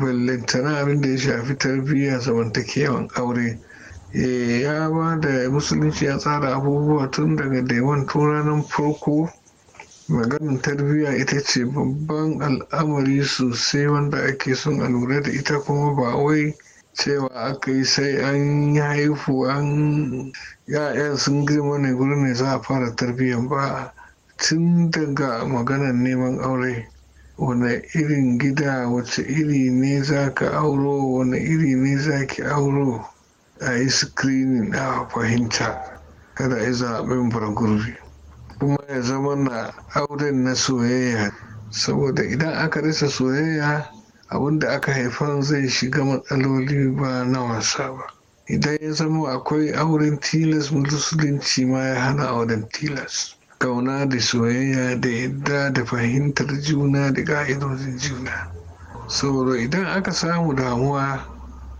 tana abin da ya shafi tarbiyya zamantakewan aure Eh, ya ba da musulunci ya tsara abubuwa tun daga daiwan tun ranar farko maganin tarbiyya ita ce babban al'amari sosai wanda ake son a lura da ita kuma ba wai cewa aka yi sai an yi haifu an ya'yan sun girma ne guri ne za a fara tarbiyyar ba tun daga maganar neman aure wane irin gida wace iri ne za ka auro wane iri ne za ki auro a yi screening a fahimta kada a yi zaɓen gurbi kuma ya zama na auren na soyayya saboda idan aka rasa soyayya abinda aka haifan zai shiga matsaloli ba na wasa ba idan ya zama akwai auren tilas musulunci ma ya hana auren tilas kauna da soyayya da yadda da fahimtar juna da ga'idojin juna saboda idan aka samu damuwa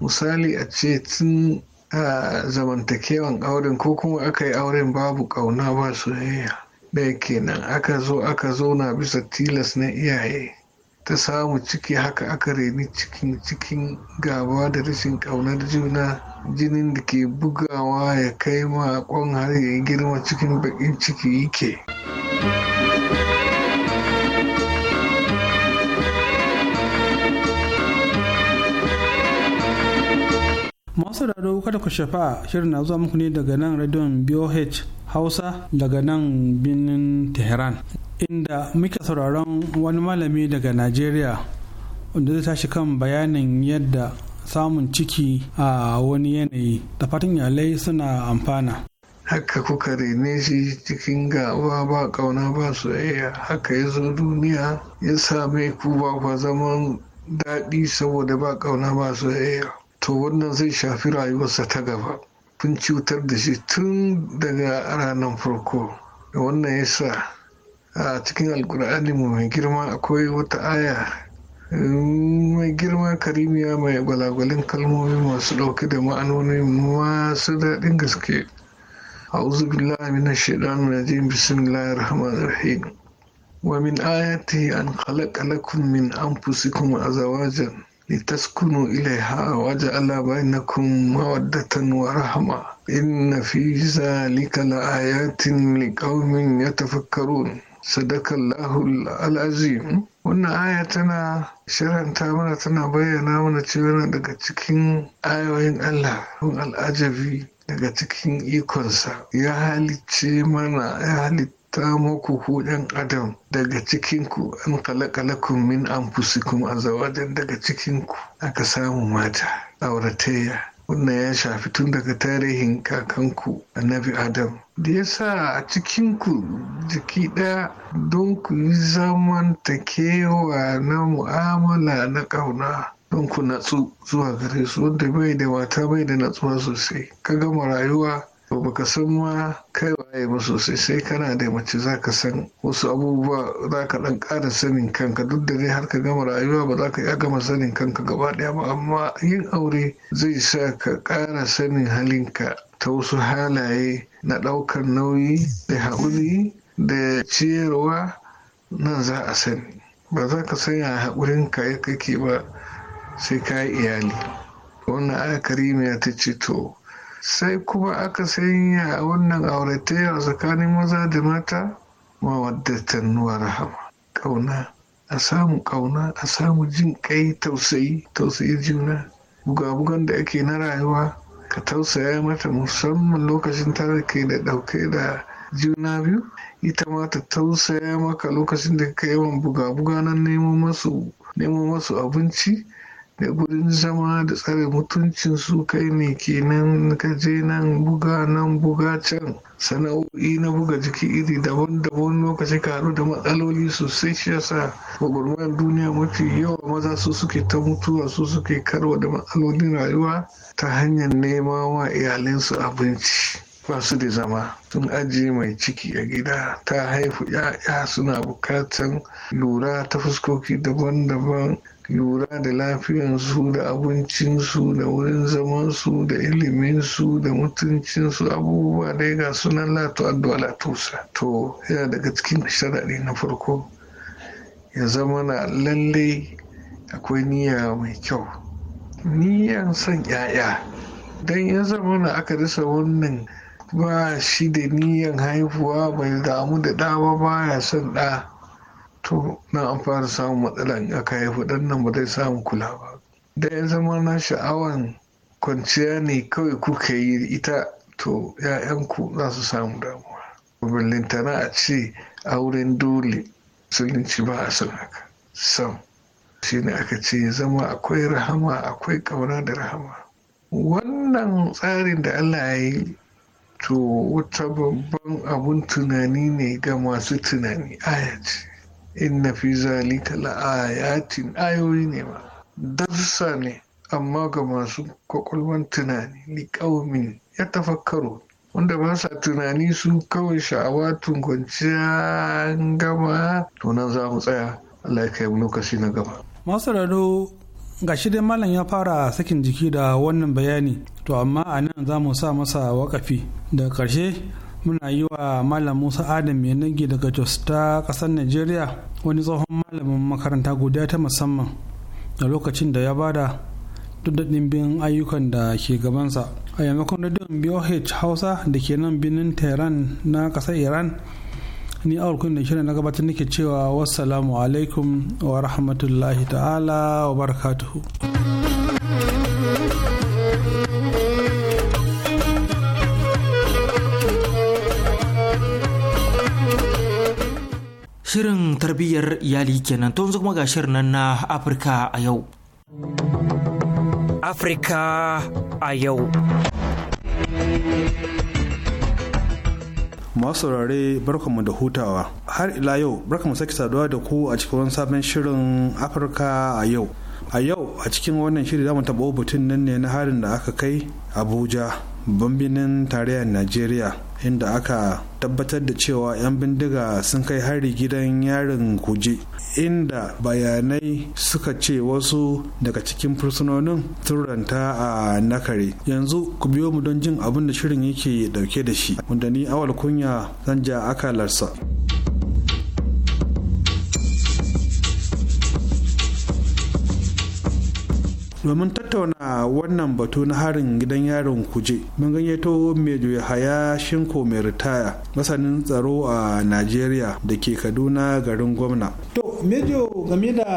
misali a ce tun a zamantakewan auren ko kuma aka yi auren babu ƙauna ba soyayya daya kenan aka zo aka zauna bisa tilas na iyaye ta samu ciki haka aka reni cikin cikin gaba da rashin ƙaunar juna jinin da ke bugawa ya kai makon har ya yi girma cikin baƙin ciki yake.
masu raro kada ku shafa shirin na zuwa muku ne daga nan radion boh hausa daga nan birnin tehran inda muke sauraron wani malami daga najeriya wanda zai tashi kan bayanin yadda samun ciki a wani yanayi
da fatan yalai suna amfana haka kuka rene shi cikin gawa ba kauna ba soyayya haka ya zo duniya ya same ku ba zaman daɗi saboda ba kauna ba soyayya to wannan zai shafi rayuwarsa ta gaba kun cutar da shi tun daga ranar farko da wannan ya sa a cikin alkur'ani mu mai girma akwai wata aya mai girma karimiya mai gwalagwalin kalmomi masu ɗauke da ma'anoni masu daɗin gaske أعوذ بالله من الشيطان Wa min الله an الرحيم min آياته أن خلق لكم من a zawajen. litaskunu ilaiha wa ja'ala bainakum mawaddatan wa In inna fi zalika laayatin liqaumin yatafakkarun sadaqa Allahu al-azim wannan aya tana sharanta mana tana bayyana mana cewa daga cikin ayoyin Allah hun al daga cikin ikonsa ya halice mana ya halice Ta muku ku ɗan adam daga cikinku an kalakalakun min anfusikum a zawajen daga cikinku aka samu mata auratayya wannan ya shafi tun daga tarihin kakanku nabi adam da ya sa a cikinku jiki ɗaya don ku yi zamantakewa na mu'amala na ƙauna don ku natsu zuwa gare su wanda bai da mata bai da natsuwa sosai ka gama rayuwa ba baka san ma kai waye ba sosai sai kana da mace za ka san wasu abubuwa za ka dan ƙara sanin kanka duk da dai har ka gama rayuwa ba za ka iya gama sanin kanka gaba daya ba amma yin aure zai sa ka ƙara sanin halinka ta wasu halaye na ɗaukar nauyi da haƙuri da ciyarwa nan za a sani ba za ka sanya ka ya kake ba sai ka yi iyali wannan aya karimiya ta ce to sai kuma aka sanya a wannan a tsakanin maza da mata mawaddatan wa rahama ƙauna a samu ƙauna a samu jin kai tausayi tausayi juna bugabugan da ake na rayuwa ka tausaya mata musamman lokacin ta ke da ɗauke da juna biyu ita ma ta tausaya maka lokacin da ka yawan buga-buga na nemo masu abinci da gurin zama da tsare su kai ne kenan ka je nan buga nan buga can sana'o'i na buga jiki iri daban-daban lokaci ka haɗu da matsaloli sosai shi yasa gwagwarmayar duniya mafi yawa maza su suke ta mutuwa su suke karwa da matsalolin rayuwa ta hanyar nema wa iyalinsu abinci ba su da zama sun ajiye mai ciki a gida ta haifu 'ya'ya suna bukatan lura ta fuskoki daban-daban lura da lafiyansu da abincinsu da wurin zamansu da iliminsu da mutuncinsu abubuwa ya gasu sunan latu addu'a sa to yana daga cikin sharaɗi na farko ya zama na lallai akwai niyya mai kyau niyyan son 'ya'ya don ya zama na aka rasa wannan ba shi da niyyan haihuwa bai damu da ɗa ba ya son ɗa to na an fara samun matsala in aka haifu dan nan ba zai samu kula ba da ya zama na sha'awan kwanciya ne kawai kuka yi ita to 'ya'yanku za su samu damuwa lintana a ce auren dole sulunci ba a san haka sam shi ne aka ce ya zama akwai rahama akwai ƙauna da rahama wannan tsarin da allah ya yi to wata babban abun tunani ne ga masu tunani ayaci inna fi zalika la'ayatin ayoyi ne ma darsa ne amma ga masu kwakwalwan tunani liƙaumin ya tafakkaro wanda ba sa tunani su kawai sha'awa kwanciya gama tunan za mu tsaya Allah ya kai lokaci na gaba
masu raro ga shi dai malam ya fara sakin jiki da wannan bayani to amma a nan za mu sa masa wakafi da ƙarshe muna yi wa malam musa adam ya yanage daga jos ta kasar nigeria wani tsohon malamin makaranta guda ta musamman a lokacin da ya bada duk da ɗimbin ayyukan da ke gabansa a yamakon radiyon boh hausa da ke nan binin tehran na ƙasar iran ni awar kun da shirin na gabatar nake cewa wassalamu alaikum wa rahmatullahi ta'ala wa barakatuhu
Shirin tarbiyyar iyali kenan to yanzu kuma ga shirin nan na Afirka a yau. Afirka a yau.
masu saurare barkanmu da hutawa har ila yau barkanmu sake saduwa da ku a cikin wani sabon shirin afirka a yau a yau a cikin wannan shirin zamu taɓa batun nan ne na harin da aka kai abuja bambinin tarayyar najeriya inda aka tabbatar da cewa 'yan bindiga sun kai hari gidan yarin kuje inda bayanai suka ce wasu daga cikin fursunonin turanta a nakare yanzu ku biyo mu don jin abin da shirin yake dauke da shi wanda ni awal kunya zan ja akalarsa. domin tattauna wannan batu na harin gidan yaron kuje mun ganye gayyato mejo haya shinko mai ritaya masanin tsaro a najeriya da ke kaduna garin gwamna to mejo game da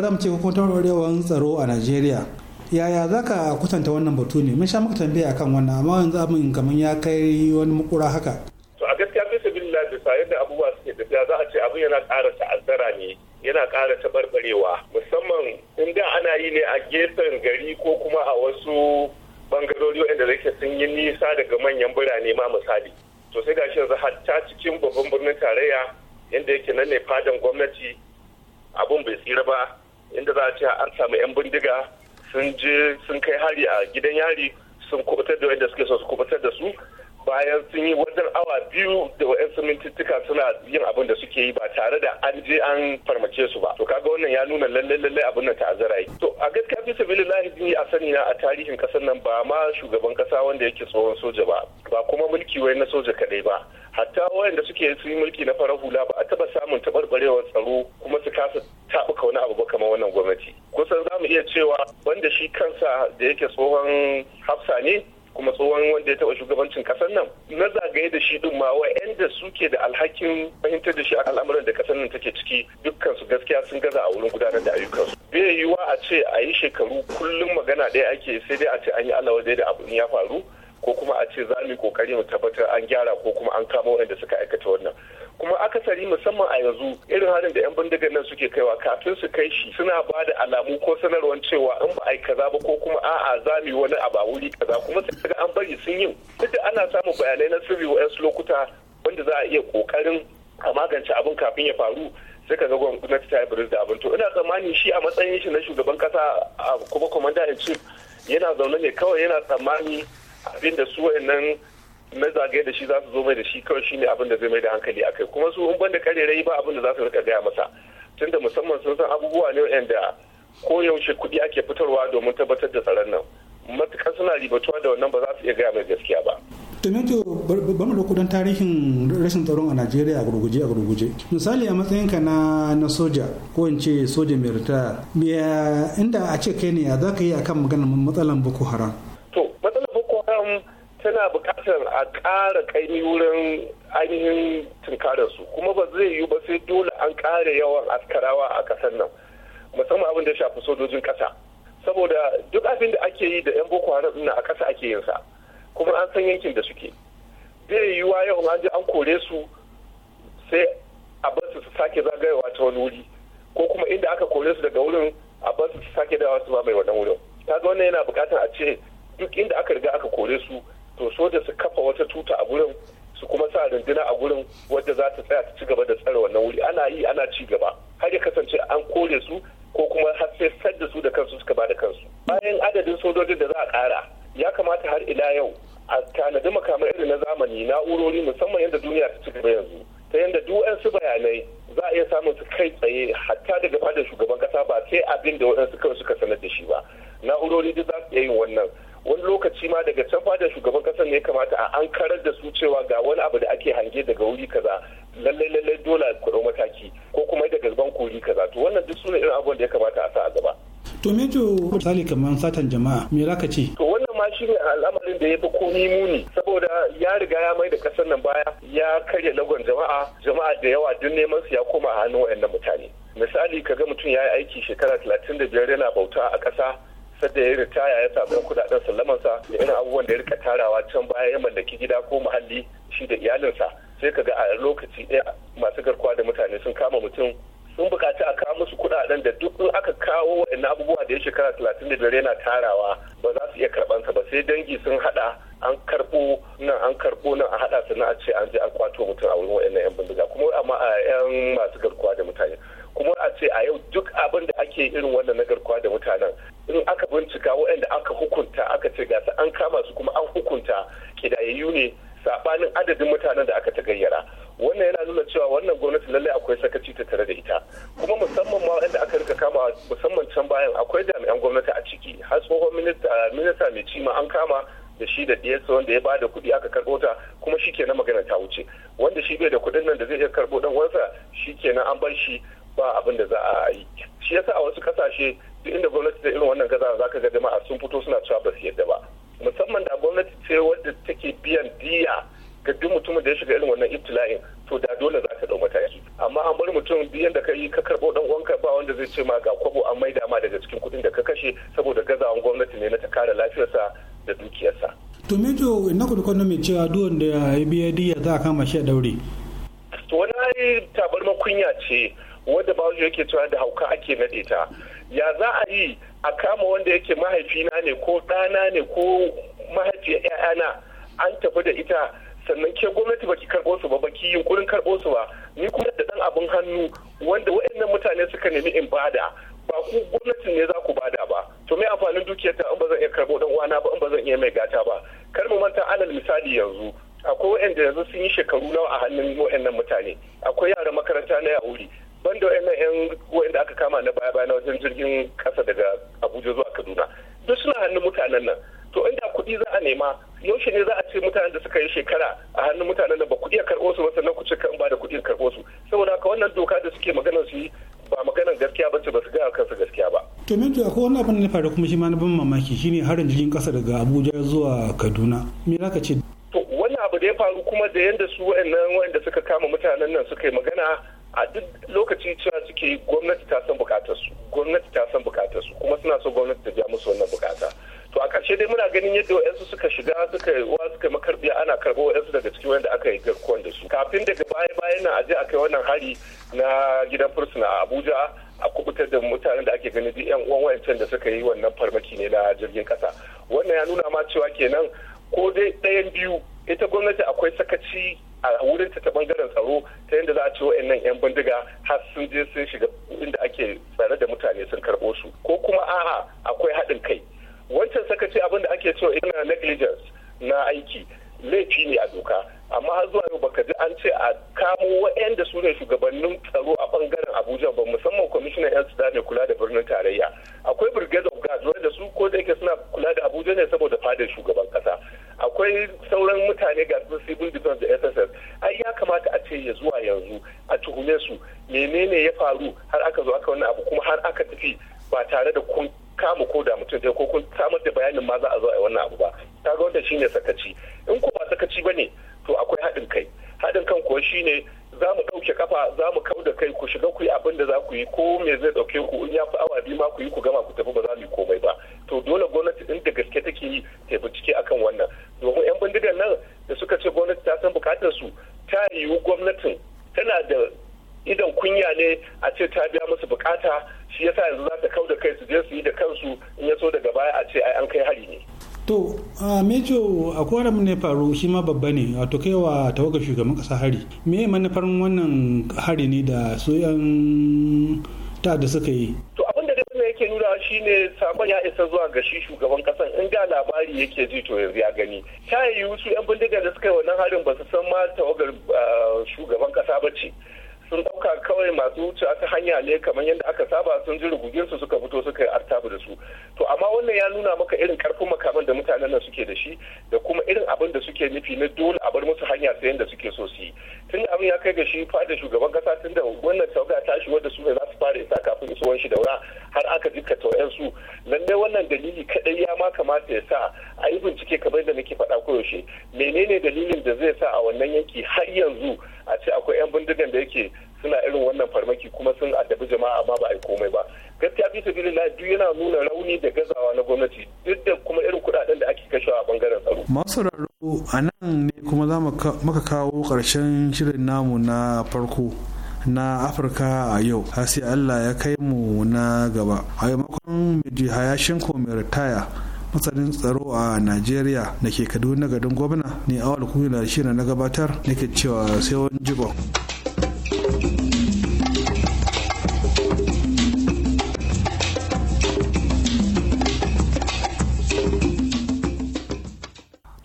ram ce ko tawarwarewar tsaro a najeriya yaya za ka kusanta wannan batu ne mun sha maka tambaya akan wannan amma yanzu abin kamar ya kai wani mukura haka to a gaskiya
bisa billah bisa yadda abubuwa suke tafiya za a ce abin yana ƙara ta'azzara ne yana ƙara taɓarɓarewa musamman da ana yi ne a gefen gari ko kuma a wasu bangarori wayanda zai sun yi nisa daga manyan birane ma misali to sai gashi yanzu hatta cikin babban birnin tarayya inda yake nan ne fadan gwamnati abun bai tsira ba inda za a ce an samu yan bindiga sun je sun kai hari a gidan yari sun kubutar da wanda suke so su kubutar da su bayan sun yi wajen awa biyu da wa'yansu mintittika suna yin abin da suke yi ba tare da an je an farmace su ba to kaga wannan ya nuna lallai lallai abin nan ta'azzara yi to a gaskiya bisa sabilillahi din a sani na a tarihin kasar nan ba ma shugaban kasa wanda yake tsohon soja ba ba kuma mulki wai na soja kadai ba hatta wayanda suke su yi mulki na farar hula ba a taba samun taɓarɓarewar tsaro kuma su kasa taɓuka wani abu ba kamar wannan gwamnati kusan za mu iya cewa wanda shi kansa da yake tsohon hafsa ne kuma tsohon wanda ya taɓa shugabancin ƙasar nan na zagaye da shi din ma wayanda suke da alhakin fahimtar da shi al'amuran da ƙasar nan take ciki dukkan su gaskiya sun gaza a wurin gudanar da ayyukansu bai yiwuwa a ce a yi shekaru kullum magana ɗaya ake sai dai a ce an yi dai da abu ya faru ko kuma a ce za mu yi kokari mu tabbatar an gyara ko kuma an kama waɗanda suka aikata wannan kuma akasari musamman a yanzu irin halin da 'yan bindigar nan suke kaiwa kafin su kai shi suna ba da alamu ko sanarwar cewa in ba a yi kaza ba ko kuma a'a za mu yi wani abu a wuri kaza kuma sai an bari sun yi duk da ana samun bayanai na sirri su lokuta wanda za a iya kokarin a magance abin kafin ya faru sai ka ga gwamnati ta yi da abin to ina tsammani shi a matsayin shi na shugaban kasa kuma commander in chief yana zaune ne kawai yana tsammani abin da su wayannan na zagaye da shi za su zo mai da shi kawai shi ne abin da zai mai da hankali a kai kuma su in banda rai ba abin da za su rika gaya masa tunda musamman sun san abubuwa ne wanda koyaushe kuɗi ake fitarwa domin tabbatar da tsaron nan matuƙar suna ribatuwa da wannan ba za su iya gaya mai gaskiya ba.
Tomato ba mu da tarihin rashin tsaron a Najeriya a gurguje a gurguje. Misali a matsayinka na na soja ko in ce soja mai rita inda a ce kai ne a za ka yi akan maganar matsalar Boko Haram. To
matsalan Boko Haram tana bukatar a ƙara kaimi wurin ainihin tunkararsu kuma ba zai yiwu ba sai dole an ƙara yawan askarawa a ƙasar nan musamman abin da shafi sojojin ƙasa saboda duk abin da ake yi da 'yan boko haram na a ƙasa ake yin sa kuma an san yankin da suke zai wa yau an ji an kore su sai a bar su su sake zagayewa ta wani wuri ko kuma inda aka kore su daga wurin a bar su su sake dawa su ba mai wannan wurin kaga wannan yana bukatar a ce duk inda aka riga aka kore su to soja su kafa wata tuta a gurin su kuma sa rundunar a gurin wadda za ta tsaya ta ci gaba da tsare wannan wuri ana yi ana ci gaba har ya kasance an kore su ko kuma har sai da su da kansu suka ba da kansu bayan adadin sojojin da za a kara ya kamata har ila yau a tanadi makamai irin na zamani na'urori musamman yadda duniya ta ci gaba yanzu ta yadda duk wasu bayanai za a iya samun su kai tsaye hatta daga fadar shugaban kasa ba sai abin da waɗansu kawai suka sanar da shi ba na'urori duk za su iya yin wannan wani lokaci ma daga can fadar shugaban kasar ne ya kamata a an karar da su cewa ga wani abu da ake hange daga wuri kaza lallai lallai dole ku ɗau mataki ko kuma daga gaban kuri kaza to wannan duk sune irin abubuwan da ya kamata a sa a gaba.
to mejo misali kamar satan jama'a me za
ka ce. to wannan ma shi ne al'amarin da ya fi komi muni saboda ya riga ya mai da kasar nan baya ya karya lagon jama'a jama'a da yawa duk neman su ya koma a hannun wayannan mutane misali kaga mutum ya yi aiki shekara talatin da biyar yana bauta a ƙasa sadda ya ritaya ya samu kudaden sallamansa da irin abubuwan da ya rika tarawa can baya ya mallaki gida ko muhalli shi da iyalinsa sai ka ga a lokaci ɗaya masu garkuwa da mutane sun kama mutum sun bukaci a kawo musu kudaden da duk in aka kawo wa'in abubuwa da ya shekara talatin da dare yana tarawa ba za su iya karɓansa ba sai dangi sun haɗa an karɓo nan an karɓo nan a haɗa su na a ce an je an kwato mutum a wurin waɗannan 'yan bindiga kuma amma a 'yan masu garkuwa da mutane kuma a ce a yau duk abin da ake irin wannan na da mutanen in aka bincika waɗanda aka hukunta aka ce gasa an kama su kuma an hukunta kidayayyu ne sabanin adadin mutanen da aka ta gayyara wannan yana nuna cewa wannan gwamnati lallai akwai sakaci ta tare da ita kuma musamman ma waɗanda aka rika kama musamman can bayan akwai jami'an gwamnati a ciki har tsohon minista ah, mai cima an kama da shi da diyarsa wanda ya bada kuɗi aka karɓo ta kuma shi kenan magana ta wuce wanda shi bai da kuɗin nan da zai iya karɓo ɗan wansa shi kenan an bar shi ba abin da za a yi shi yasa a wasu kasashe duk inda gwamnati da irin wannan gaza za ka ga jama'a sun fito suna cewa ba su yadda ba musamman da gwamnati ce wadda take biyan diya ga duk mutumin da ya shiga irin wannan ibtila'in to da dole za ka dau mataki amma an bar mutum biyan da ka yi ka karbo dan uwanka ba wanda zai ce ma ga kwabo an mai dama daga cikin kuɗin da ka kashe saboda gazawan gwamnati ne na ta kare lafiyarsa da dukiyarsa.
to to na kudu kwano mai cewa duk wanda ya biya diya za a kama shi a daure.
to wani tabar makunya ce wadda bahaushe yake cewa da hauka ake naɗe ta ya za a yi a kama wanda yake mahaifina ne ko ɗana ne ko mahaifiyar 'ya'yana an tafi da ita sannan ke gwamnati baki karɓo su ba baki yunkurin karɓo su ba ni kuma da ɗan abin hannu wanda wa'annan mutane suka nemi in bada ba ku gwamnatin ne za ku bada ba to me amfanin dukiyarta in ba zan iya karɓo ɗan uwana ba in ba zan iya mai gata ba kar mu manta alal misali yanzu akwai wa'anda yanzu sun yi shekaru nawa a hannun wa'annan mutane akwai yaran makaranta na yahudi banda wa'annan yan wanda aka kama na baya baya na wajen jirgin kasa daga abuja zuwa kaduna duk suna hannun mutanen nan to inda kuɗi za a nema yaushe ne za a ce mutanen da suka yi shekara a hannun mutanen nan ba kuɗi a karɓo su ba sannan ku ce kan ba da kuɗi karɓo su saboda haka wannan doka da suke magana su yi ba maganar gaskiya ba ce ba su gaya kansu gaskiya ba.
to mintu akwai wani abin da faru kuma shi ma na ban mamaki shine harin jirgin kasa daga abuja zuwa kaduna me za ka ce.
to wannan abu da ya faru kuma da yadda su waɗannan waɗanda suka kama mutanen nan suka yi magana a duk lokaci cewa suke gwamnati ta san bukatar su gwamnati ta san bukatar su kuma suna so gwamnati ta biya musu wannan bukata to a ƙarshe dai muna ganin yadda wa'ansu suka shiga suka wa suka makarbiya ana karɓo wa'yansu daga cikin wanda aka yi garkuwan da su kafin daga baya bayan nan je aka yi wannan hari na gidan fursuna a abuja a kubutar da mutanen da ake ganin yan uwan wa'ancan da suka yi wannan farmaki ne na jirgin kasa wannan ya nuna ma cewa kenan ko dai ɗayan biyu ita gwamnati akwai sakaci a wurin ta bangaren tsaro ta yadda za a ciwo nan yan bindiga har sun je sun shiga inda ake tsare da mutane sun karɓo su ko kuma a'a akwai haɗin kai wancan sakaci abin da ake cewa ina negligence na aiki laifi ne a doka amma har zuwa yau baka ji an ce a kamo waɗanda su ne shugabannin tsaro a bangaren abuja ba musamman kwamishinan yan sudan mai kula da birnin tarayya akwai brigade of gas wanda su ko da yake suna kula da abuja ne saboda fadar shugaban ƙasa. akwai sauran mutane ga su civil defense da sss ai ya kamata a ce ya zuwa yanzu a tuhume su menene ya faru har aka zo aka wannan abu kuma har aka tafi ba tare da kun kama ko da mutum ko kun samar da bayanin ma za a zo a wannan abu ba ta ga wanda shine sakaci in ko ba sakaci bane to akwai haɗin kai haɗin kan kuwa shine za mu ɗauke kafa za mu kau da kai ku shiga ku yi abin da za ku yi ko me zai ɗauke ku in ya fi awa biyu ma ku yi ku gama ku tafi ba za mu yi komai ba to dole gwamnati in da gaske take yi ta bincike akan wannan domin 'yan bindigan nan da suka ce gwamnati ta san bukatar su ta yiwu gwamnatin tana da idan kunya ne a ce ta biya musu bukata shi yasa yanzu za ta kau da kai su je su yi da kansu in ya so daga baya a ce ai an kai hari ne
to a mejo a mun ne faru shi ma babba ne wato to kaiwa tawagar shugaban kasa hari me manufar wannan hari ne da su ta da suka yi to
da yake nuna shi ne sakon ya isa zuwa ga shi shugaban kasan in ga labari yake ji to yanzu ya gani ta yi su yan bindiga da suka yi wannan harin ba su san ma tawagar ah, shugaban kasa ba ce sun dauka kawai masu wuce ta hanya ne kamar yadda aka saba sun ji rugugin su suka fito suka yi artabu da su to amma wannan ya nuna maka irin karfin makaman da mutanen nan suke da shi da kuma irin abin da suke nufi na dole a bar musu hanya ta yadda suke so su yi tun abin ya kai ga shi fada shugaban kasa tun da wannan tawaga tashi wadda su ne za su fara isa kafin tsohon shi daura har aka jikkata su lallai wannan dalili kadai ya ma kamata ya sa a yi bincike kamar da nake faɗa koyaushe menene dalilin da zai sa a wannan yanki har yanzu a ce akwai 'yan bindigan da yake suna irin wannan farmaki kuma sun addabi jama'a amma ba a yi komai ba gaskiya bisa na duk yana nuna rauni da gazawa na gwamnati duk da kuma irin kuɗaɗen da ake kashewa a bangaren tsaro
masu raro a nan ne kuma za maka kawo karshen shirin namu na farko na afirka a yau har sai allah ya kai mu na gaba a yamakon miji hayashin mai ritaya masanin tsaro a najeriya da ke kaduna gadon gwamna ne awal kuna shi na gabatar nake cewa sai wani jibon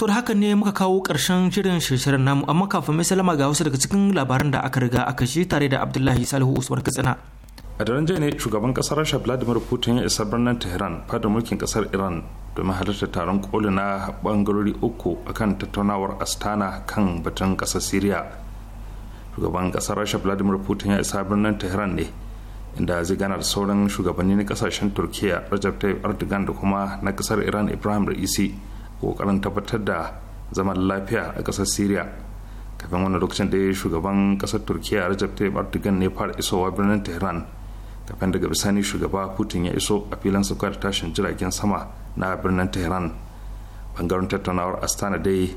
To da haka ne muka kawo ƙarshen shirin shirin namu amma kafin mai salama ga wasu daga cikin labaran da aka riga aka shi tare da Abdullahi Salihu Usman Katsina.
A daren jiya ne shugaban kasar Rasha Vladimir Putin ya isa birnin Tehran fadar mulkin kasar Iran domin halarta taron koli na bangarori uku akan tattaunawar Astana kan batun kasar Syria. Shugaban kasar Rasha Vladimir Putin ya isa birnin Tehran ne inda zai gana da sauran shugabanni na kasashen turkiyya Rajab Tayyip Erdogan da kuma na kasar Iran Ibrahim Raisi. kokarin tabbatar da zaman lafiya a ƙasar syria kafin wani lokacin da shugaban ƙasar turkiya rajab tayyip erdogan ne fara isowa birnin tehran kafin daga bisani shugaba putin ya iso a filin saukar tashin jiragen sama na birnin tehran bangaren tattaunawar astana dai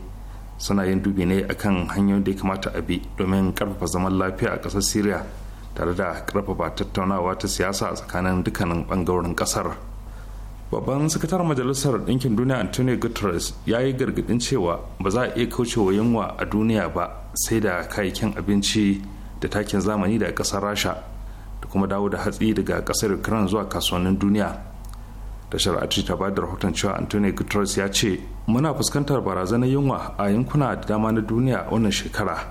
suna yin dubi ne akan hanyoyin da ya kamata a bi domin karfafa zaman lafiya a ƙasar syria tare da karfafa tattaunawa ta siyasa tsakanin dukkanin bangarorin ƙasar. babban sakatar majalisar ɗinkin duniya antonio guterres ya yi gargaɗin cewa ba za a iya kauce wa yunwa a duniya ba sai da kayayyakin abinci da takin zamani daga ƙasar rasha da kuma dawo da hatsi daga ƙasar ukraine zuwa kasuwannin duniya tashar ati ta ba da rahoton cewa antonio guterres ya ce muna fuskantar
barazanar yunwa a yankuna da dama na duniya wannan shekara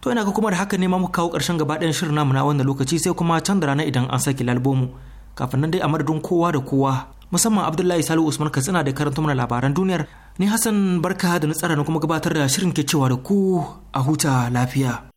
to ina ga kuma da haka ne ma muka kawo ƙarshen gaba ɗayan shirin namu na wannan lokaci sai kuma can da rana idan an saki lalbomu kafin nan dai a madadin kowa da kowa musamman Abdullahi Salihu Usman Katsina da karanta mana labaran duniyar. Ni Hassan Barka da na tsara na kuma gabatar da shirin ke cewa da ku a huta lafiya.